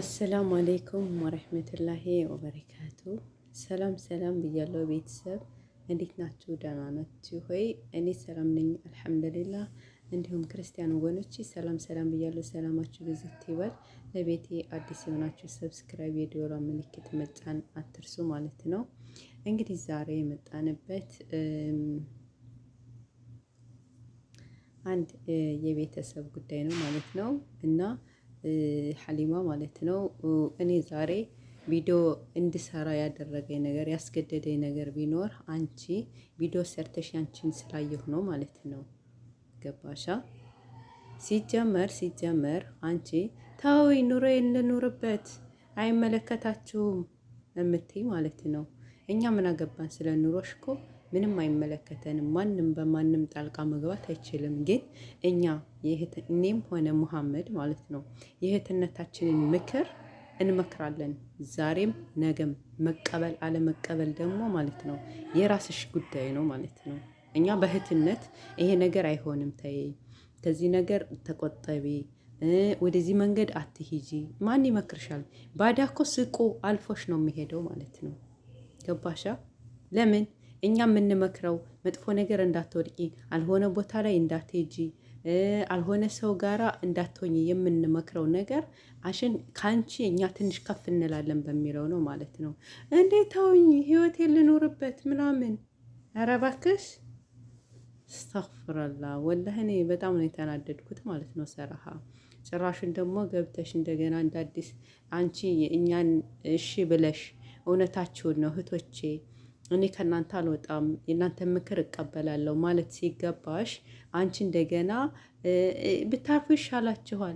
አሰላሙ አሌይኩም ወረህመቱላሂ ወበረካቱ። ሰላም ሰላም ብያለው ቤተሰብ እንዴት ናችሁ? ደህና ናችሁ ሆይ? እኔ ሰላም ነኝ አልሐምዱሊላ። እንዲሁም ክርስቲያን ወገኖች ሰላም ሰላም ብያለው። ሰላማችሁ ብዝት ይበል። ለቤቴ አዲስ የሆናችሁ ሰብስክራይብ፣ የዶላ ምልክት መጫን አትርሱ ማለት ነው። እንግዲህ ዛሬ የመጣንበት አንድ የቤተሰብ ጉዳይ ነው ማለት ነው እና ሀሊማ ማለት ነው። እኔ ዛሬ ቪዲዮ እንድሰራ ያደረገኝ ነገር ያስገደደኝ ነገር ቢኖር አንቺ ቪዲዮ ሰርተሽ ያንቺን ስላየሁ ነው ማለት ነው። ገባሻ? ሲጀመር ሲጀመር አንቺ ተወይ ኑሮ እንኑርበት አይመለከታችሁም የምትይ ማለት ነው። እኛ ምን አገባን ስለ ኑሮሽ እኮ ምንም አይመለከተንም። ማንም በማንም ጣልቃ መግባት አይችልም። ግን እኛ እኔም ሆነ ሙሐመድ ማለት ነው የእህትነታችንን ምክር እንመክራለን። ዛሬም ነገም። መቀበል አለመቀበል ደግሞ ማለት ነው የራስሽ ጉዳይ ነው ማለት ነው። እኛ በእህትነት ይሄ ነገር አይሆንም፣ ተይ፣ ከዚህ ነገር ተቆጠቢ፣ ወደዚህ መንገድ አትሂጂ፣ ማን ይመክርሻል? ባዳ እኮ ስቆ አልፎሽ ነው የሚሄደው ማለት ነው። ገባሻ? ለምን እኛ የምንመክረው መጥፎ ነገር እንዳትወድቂ፣ አልሆነ ቦታ ላይ እንዳትሄጂ አልሆነ ሰው ጋራ እንዳትሆኝ የምንመክረው ነገር አሽን ከአንቺ እኛ ትንሽ ከፍ እንላለን በሚለው ነው ማለት ነው። እንዴት ተውኝ፣ ህይወቴን ልኖርበት ምናምን። ኧረ እባክሽ ስተፍረላ ወላህ እኔ በጣም ነው የተናደድኩት ማለት ነው። ሰራሃ ጭራሽን ደግሞ ገብተሽ እንደገና እንዳዲስ አንቺ እኛን እሺ ብለሽ እውነታችሁን ነው እህቶቼ እኔ ከእናንተ አልወጣም የእናንተ ምክር እቀበላለሁ ማለት ሲገባሽ አንቺ እንደገና ብታርፉ ይሻላችኋል፣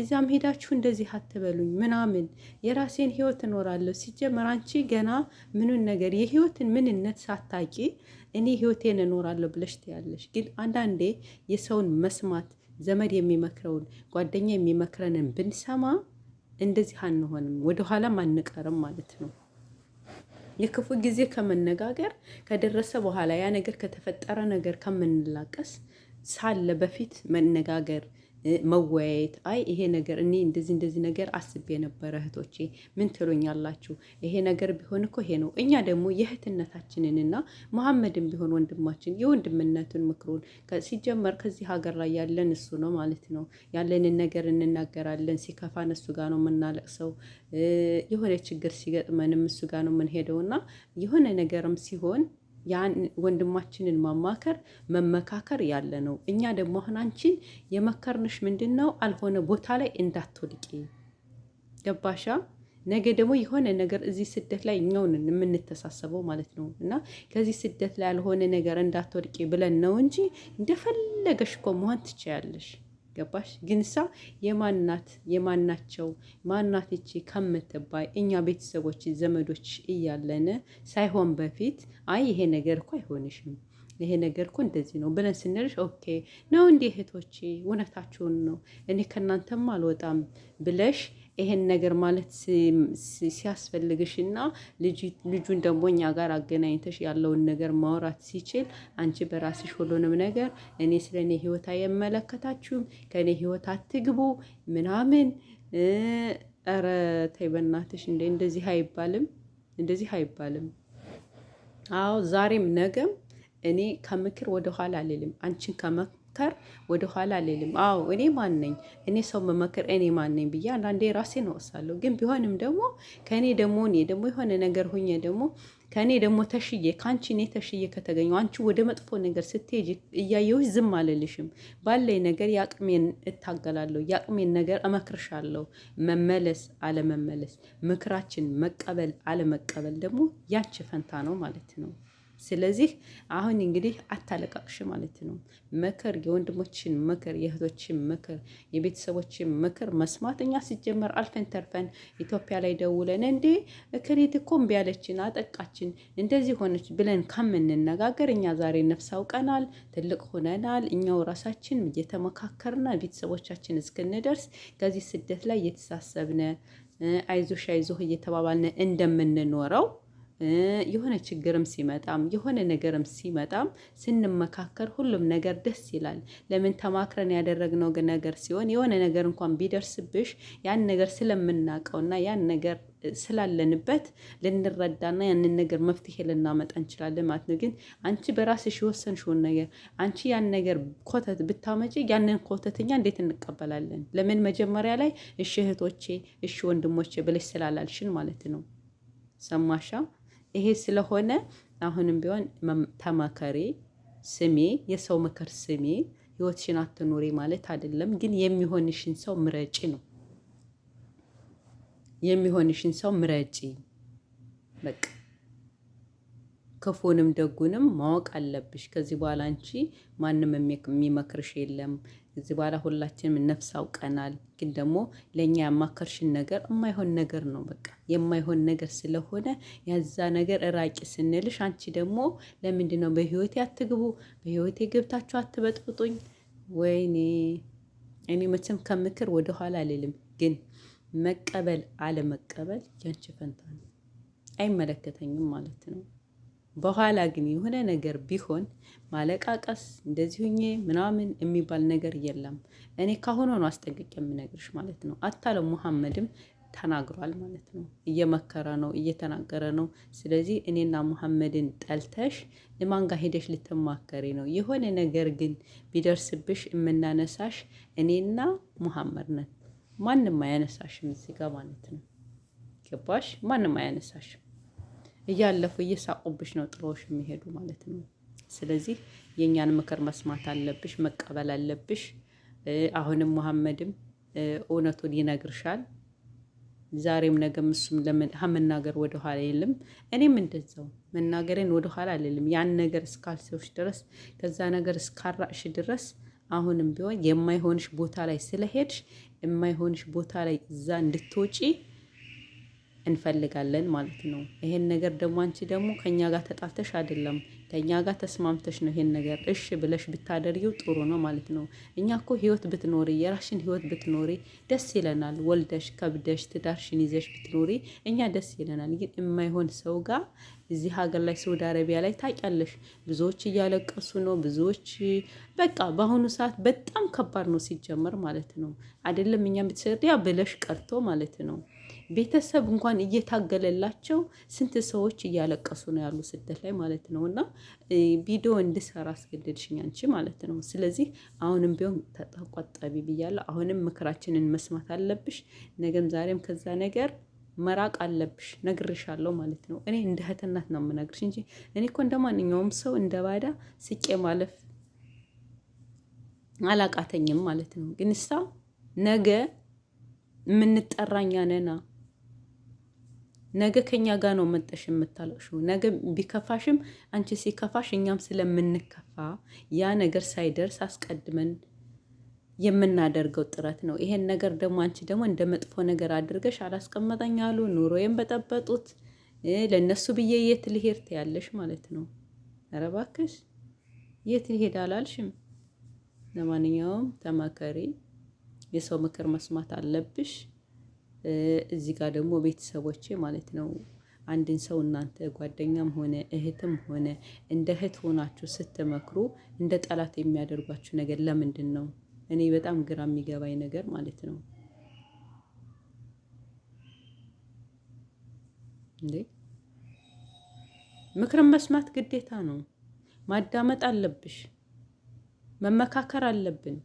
እዚያም ሄዳችሁ እንደዚህ አትበሉኝ ምናምን የራሴን ህይወት እኖራለሁ። ሲጀመር አንቺ ገና ምኑን ነገር የህይወትን ምንነት ሳታቂ እኔ ህይወቴን እኖራለሁ ብለሽ ትያለሽ። ግን አንዳንዴ የሰውን መስማት ዘመድ የሚመክረውን ጓደኛ የሚመክረንን ብንሰማ እንደዚህ አንሆንም፣ ወደኋላም አንቀርም ማለት ነው። የክፉ ጊዜ ከመነጋገር ከደረሰ በኋላ ያ ነገር ከተፈጠረ ነገር ከምንላቀስ ሳለ በፊት መነጋገር መወያየት አይ ይሄ ነገር እኔ እንደዚህ እንደዚህ ነገር አስቤ የነበረ እህቶቼ ምን ትሉኛላችሁ? ይሄ ነገር ቢሆን እኮ ይሄ ነው። እኛ ደግሞ የእህትነታችንንና መሐመድን ቢሆን ወንድማችን የወንድምነቱን ምክሩን ሲጀመር ከዚህ ሀገር ላይ ያለን እሱ ነው ማለት ነው። ያለንን ነገር እንናገራለን። ሲከፋን እሱ ጋር ነው የምናለቅሰው። የሆነ ችግር ሲገጥመንም እሱ ጋር ነው የምንሄደውና የሆነ ነገርም ሲሆን ያን ወንድማችንን ማማከር መመካከር ያለ ነው። እኛ ደግሞ አሁን አንቺን የመከርንሽ ምንድን ነው? አልሆነ ቦታ ላይ እንዳትወድቂ ገባሻ? ነገ ደግሞ የሆነ ነገር እዚህ ስደት ላይ እኛውን የምንተሳሰበው ማለት ነው። እና ከዚህ ስደት ላይ ያልሆነ ነገር እንዳትወድቂ ብለን ነው እንጂ እንደፈለገሽ እኮ መሆን ትችያለሽ። ገባሽ? ግን እሷ የማናት የማናቸው ማናት እቺ ከምትባይ እኛ ቤተሰቦች ዘመዶች እያለን ሳይሆን በፊት አይ ይሄ ነገር እኮ አይሆንሽም ይሄ ነገር እኮ እንደዚህ ነው ብለን ስንልሽ ኦኬ ነው እንዲህ እህቶቼ እውነታችሁን ነው እኔ ከእናንተም አልወጣም ብለሽ ይሄን ነገር ማለት ሲያስፈልግሽ እና ልጁን ደግሞ እኛ ጋር አገናኝተሽ ያለውን ነገር ማውራት ሲችል አንቺ በራስሽ ሁሉንም ነገር እኔ ስለ እኔ ህይወት አይመለከታችሁም፣ ከእኔ ህይወት አትግቡ ምናምን። ኧረ ተይ እንደ እንደዚህ አይባልም፣ እንደዚህ አይባልም። አዎ ዛሬም ነገም እኔ ከምክር ወደኋላ አልልም። አንቺን ከመከር ወደኋላ አልልም። አዎ እኔ ማን ነኝ? እኔ ሰው መመክር እኔ ማን ነኝ ብዬ አንዳንዴ ራሴን እወቅሳለሁ። ግን ቢሆንም ደግሞ ከእኔ ደግሞ እኔ ደግሞ የሆነ ነገር ሁኜ ደግሞ ከእኔ ደግሞ ተሽዬ ከአንቺ እኔ ተሽዬ ከተገኘሁ አንቺ ወደ መጥፎ ነገር ስትሄጅ እያየሁሽ ዝም አልልሽም። ባለኝ ነገር የአቅሜን እታገላለሁ። የአቅሜን ነገር እመክርሻለሁ። መመለስ አለመመለስ፣ ምክራችን መቀበል አለመቀበል ደግሞ ያንቺ ፈንታ ነው ማለት ነው። ስለዚህ አሁን እንግዲህ አታለቃቅሽ ማለት ነው። መከር የወንድሞችን መከር የእህቶችን መከር የቤተሰቦችን መከር መስማት እኛ ሲጀመር አልፈን ተርፈን ኢትዮጵያ ላይ ደውለን እንዴ እከሌት እኮ እምቢ አለችን፣ አጠቃችን፣ እንደዚህ ሆነች ብለን ከምንነጋገር እኛ ዛሬ ነፍስ አውቀናል፣ ትልቅ ሆነናል። እኛው ራሳችን እየተመካከርና ቤተሰቦቻችን እስክንደርስ ከዚህ ስደት ላይ እየተሳሰብነ አይዞሽ አይዞህ እየተባባልነ እንደምንኖረው የሆነ ችግርም ሲመጣም የሆነ ነገርም ሲመጣም ስንመካከር ሁሉም ነገር ደስ ይላል። ለምን ተማክረን ያደረግነው ነገር ሲሆን የሆነ ነገር እንኳን ቢደርስብሽ ያን ነገር ስለምናውቀውና ያን ነገር ስላለንበት ልንረዳና ያንን ነገር መፍትሄ ልናመጣ እንችላለን ማለት ነው። ግን አንቺ በራስሽ የወሰንሽውን ነገር አንቺ ያን ነገር ኮተት ብታመጪ ያንን ኮተትኛ እንዴት እንቀበላለን? ለምን መጀመሪያ ላይ እሺ እህቶቼ፣ እሺ ወንድሞቼ ብለሽ ስላላልሽን ማለት ነው። ሰማሻ ይሄ ስለሆነ አሁንም ቢሆን ተመከሬ ስሜ የሰው ምክር ስሜ ህይወትሽን አትኑሪ ማለት አይደለም፣ ግን የሚሆንሽን ሰው ምረጪ ነው። የሚሆንሽን ሰው ምረጪ። በቃ ክፉንም ደጉንም ማወቅ አለብሽ። ከዚህ በኋላ አንቺ ማንም የሚመክርሽ የለም። እዚህ በኋላ ሁላችንም ነፍስ አውቀናል። ግን ደግሞ ለእኛ ያማከርሽን ነገር የማይሆን ነገር ነው። በቃ የማይሆን ነገር ስለሆነ ያዛ ነገር እራቂ ስንልሽ፣ አንቺ ደግሞ ለምንድን ነው በህይወቴ አትግቡ፣ በህይወቴ ገብታችሁ አትበጥብጡኝ። ወይኔ እኔ መቼም ከምክር ወደኋላ አልልም። ግን መቀበል አለመቀበል ያንቺ ፈንታ ነው። አይመለከተኝም ማለት ነው። በኋላ ግን የሆነ ነገር ቢሆን ማለቃቀስ እንደዚሁ ምናምን የሚባል ነገር የለም። እኔ ካሁኑ ነው አስጠንቅቄ የምነግርሽ ማለት ነው። አታለው ሙሐመድም ተናግሯል ማለት ነው። እየመከረ ነው፣ እየተናገረ ነው። ስለዚህ እኔና ሙሐመድን ጠልተሽ ለማን ሄደሽ ልትማከሪ ነው? የሆነ ነገር ግን ቢደርስብሽ የምናነሳሽ እኔና ሙሐመድ ነን። ማንም አያነሳሽም እዚህ ማለት ነው። ገባሽ? ማንም አያነሳሽም። እያለፉ እየሳቁብሽ ነው ጥሎሽ የሚሄዱ ማለት ነው። ስለዚህ የእኛን ምክር መስማት አለብሽ፣ መቀበል አለብሽ። አሁንም መሐመድም እውነቱን ይነግርሻል። ዛሬም ነገም እሱም ከመናገር ወደኋላ የለም። እኔም እንደዛው መናገሬን ወደኋላ አልልም። ያን ነገር እስካልሰውሽ ድረስ ከዛ ነገር እስካራቅሽ ድረስ አሁንም ቢሆን የማይሆንሽ ቦታ ላይ ስለሄድሽ የማይሆንሽ ቦታ ላይ እዛ እንድትወጪ እንፈልጋለን ማለት ነው። ይሄን ነገር ደግሞ አንቺ ደግሞ ከኛ ጋር ተጣልተሽ አይደለም ከኛ ጋር ተስማምተሽ ነው ይሄን ነገር እሺ ብለሽ ብታደርጊው ጥሩ ነው ማለት ነው። እኛ እኮ ህይወት ብትኖሪ የራሽን ህይወት ብትኖሪ ደስ ይለናል። ወልደሽ ከብደሽ ትዳርሽን ይዘሽ ብትኖሪ እኛ ደስ ይለናል። ግን የማይሆን ሰው ጋር እዚህ ሀገር ላይ ሳውዲ አረቢያ ላይ ታውቂያለሽ፣ ብዙዎች እያለቀሱ ነው። ብዙዎች በቃ በአሁኑ ሰዓት በጣም ከባድ ነው ሲጀመር ማለት ነው። አይደለም እኛ ብትሰሪያ ብለሽ ቀርቶ ማለት ነው። ቤተሰብ እንኳን እየታገለላቸው ስንት ሰዎች እያለቀሱ ነው ያሉ ስደት ላይ ማለት ነው። እና ቪዲዮ እንድሰራ አስገደድሽኝ አንቺ ማለት ነው። ስለዚህ አሁንም ቢሆን ተቆጠቢ ብያለሁ። አሁንም ምክራችንን መስማት አለብሽ። ነገም ዛሬም ከዛ ነገር መራቅ አለብሽ። ነግርሻለሁ ማለት ነው። እኔ እንደ እህትነት ነው የምነግርሽ እንጂ እኔ እኮ እንደ ማንኛውም ሰው እንደ ባዳ ስቄ ማለፍ አላቃተኝም ማለት ነው። ግን እሷ ነገ የምንጠራኛ ነና ነገ ከኛ ጋር ነው መጠሽ የምታለቅሽው። ነገ ቢከፋሽም አንቺ ሲከፋሽ እኛም ስለምንከፋ ያ ነገር ሳይደርስ አስቀድመን የምናደርገው ጥረት ነው። ይሄን ነገር ደግሞ አንቺ ደግሞ እንደ መጥፎ ነገር አድርገሽ አላስቀመጠኝ አሉ ኑሮዬን በጠበጡት ለእነሱ ብዬ የት ልሄድ ትያለሽ ማለት ነው። ኧረ እባክሽ የት ልሄድ አላልሽም። ለማንኛውም ተመከሪ፣ የሰው ምክር መስማት አለብሽ። እዚህ ጋር ደግሞ ቤተሰቦቼ ማለት ነው አንድን ሰው እናንተ ጓደኛም ሆነ እህትም ሆነ እንደ እህት ሆናችሁ ስትመክሩ እንደ ጠላት የሚያደርጓችሁ ነገር ለምንድን ነው? እኔ በጣም ግራ የሚገባኝ ነገር ማለት ነው። እንዴ ምክርን መስማት ግዴታ ነው። ማዳመጥ አለብሽ። መመካከር አለብን።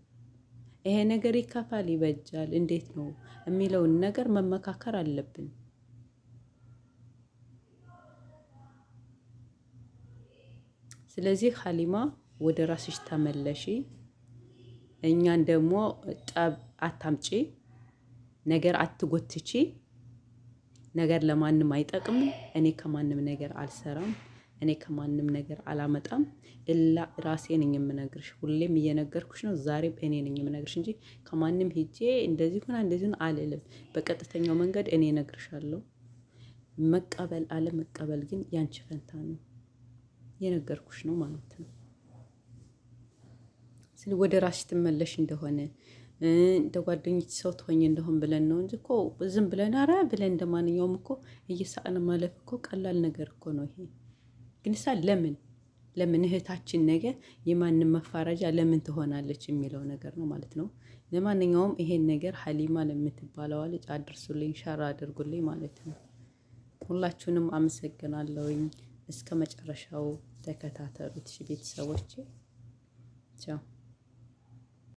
ይሄ ነገር ይከፋል ይበጃል፣ እንዴት ነው የሚለውን ነገር መመካከር አለብን። ስለዚህ ሀሊማ ወደ ራስሽ ተመለሺ። እኛን ደግሞ ጠብ አታምጪ፣ ነገር አትጎትቺ። ነገር ለማንም አይጠቅምም። እኔ ከማንም ነገር አልሰራም። እኔ ከማንም ነገር አላመጣም። እላ ራሴ ነኝ የምነግርሽ ሁሌም እየነገርኩሽ ነው። ዛሬም እኔ ነኝ የምነግርሽ እንጂ ከማንም ሄጄ እንደዚህ ሆና እንደዚህ አልልም። በቀጥተኛው መንገድ እኔ እነግርሻለሁ። መቀበል አለ መቀበል ግን ያንቺ ፈንታ ነው። እየነገርኩሽ ነው ማለት ነው። ስለ ወደ ራስሽ ትመለሽ እንደሆነ እንደ ጓደኞች ሰው ትሆኝ እንደሆን ብለን ነው እንጂ እኮ ዝም ብለን አረ ብለን እንደማንኛውም እኮ እየሳቅን ማለፍ እኮ ቀላል ነገር እኮ ነው ይሄ። ግንሳ ለምን ለምን እህታችን ነገ የማንም መፋረጃ ለምን ትሆናለች የሚለው ነገር ነው ማለት ነው። ለማንኛውም ይሄን ነገር ሀሊማ ለምትባለዋ ልጅ አድርሱልኝ፣ ሸራ አድርጉልኝ ማለት ነው። ሁላችሁንም አመሰግናለሁኝ። እስከ መጨረሻው ተከታተሉት ቤተሰቦቼ። ቻው